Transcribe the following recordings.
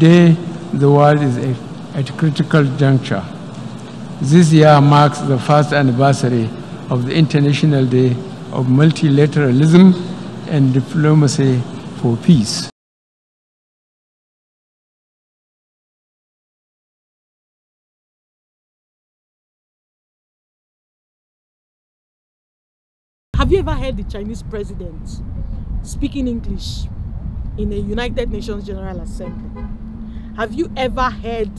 Today, the world is at a critical juncture. This year marks the first anniversary of the International Day of Multilateralism and Diplomacy for Peace. Have you ever heard the Chinese president speaking English in a United Nations General Assembly? Have you ever heard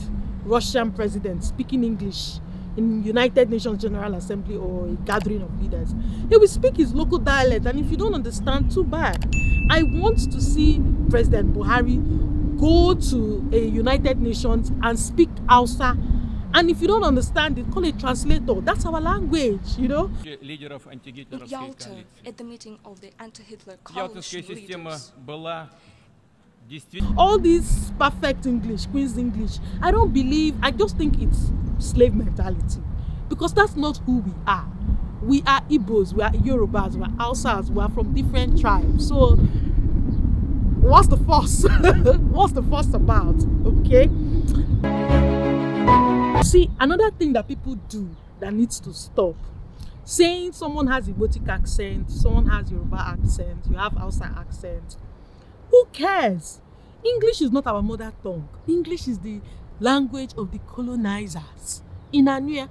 Russian president speaking English in United Nations General Assembly or a gathering of leaders? He will speak his local dialect and if you don't understand, too bad. I want to see President Buhari go to a United Nations and speak Hausa and if you don't understand it, call a translator. That's our language, you know. at the meeting of the anti-Hitler coalition leaders all this perfect english queen's english i don't believe i just think it's slave mentality because that's not who we are we are igbos we are yorubas we are hausas we are from different tribes so what's the fuss what's the fuss about okay see another thing that people do that needs to stop saying someone has a botic accent someone has yoruba accent you have outside accent Who cares? English is not our mother tongue. English is the language of the colonizers. In Anuia,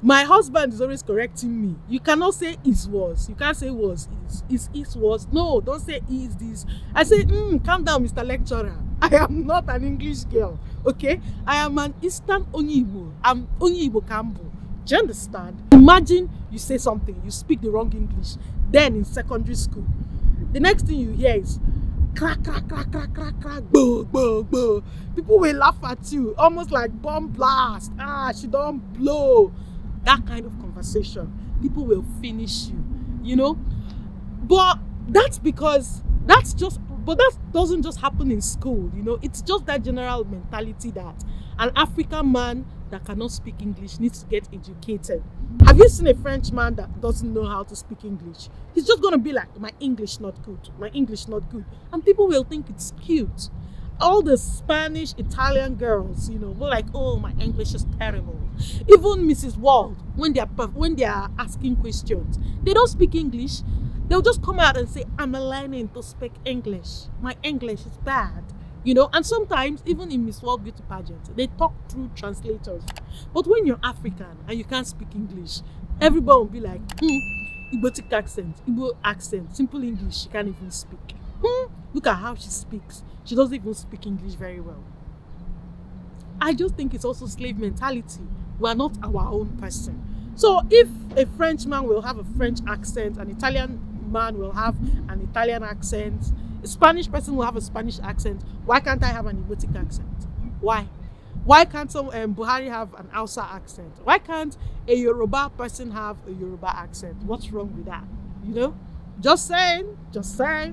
my husband is always correcting me. You cannot say is was. You can't say was is. Is is was. No, don't say is this. I say, mm, calm down, Mr. Lecturer. I am not an English girl. Okay? I am an Eastern Onyibo. I'm Onyibo Kambo. Do you understand? Imagine you say something, you speak the wrong English. Then in secondary school, the next thing you hear is, crack, crack, crack, crack, crack, crack, bo, bo, bo. People will laugh at you, almost like bomb blast. Ah, she don't blow. That kind of conversation. People will finish you, you know. But that's because that's just but that doesn't just happen in school, you know. It's just that general mentality that an African man that cannot speak English needs to get educated. Have you seen a French man that doesn't know how to speak English? He's just going to be like, my English not good, my English not good. And people will think it's cute. All the Spanish, Italian girls, you know, were like, oh, my English is terrible. Even Mrs. Wald, when they are, when they are asking questions, they don't speak English. They'll just come out and say, I'm learning to speak English. My English is bad you know and sometimes even in miss world beauty pageant, they talk through translators but when you're african and you can't speak english everybody will be like hmm Igbotic accent Igbo accent simple english she can't even speak hmm look at how she speaks she doesn't even speak english very well i just think it's also slave mentality we are not our own person so if a frenchman will have a french accent an italian man will have an italian accent a Spanish person will have a Spanish accent. Why can't I have an Igbotic accent? Why? Why can't some, um, Buhari have an Hausa accent? Why can't a Yoruba person have a Yoruba accent? What's wrong with that? You know? Yo sé, yo sé.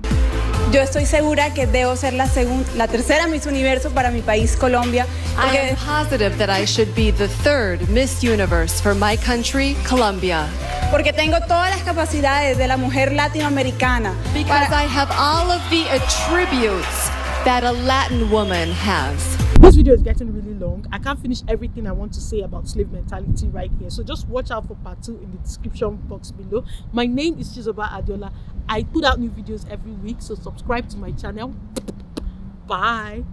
Yo estoy segura que debo ser la, la tercera Miss Universo para mi país, Colombia. I am positive that I should be the third Miss Universe for my country, Colombia. Porque tengo todas las capacidades de la mujer latinoamericana. Because para I have all of the attributes that a Latin woman has. this video is getting really long. I can't finish everything I want to say about slave mentality right here. So just watch out for part two in the description box below. My name is Chizoba Adiola. I put out new videos every week, so subscribe to my channel. Bye.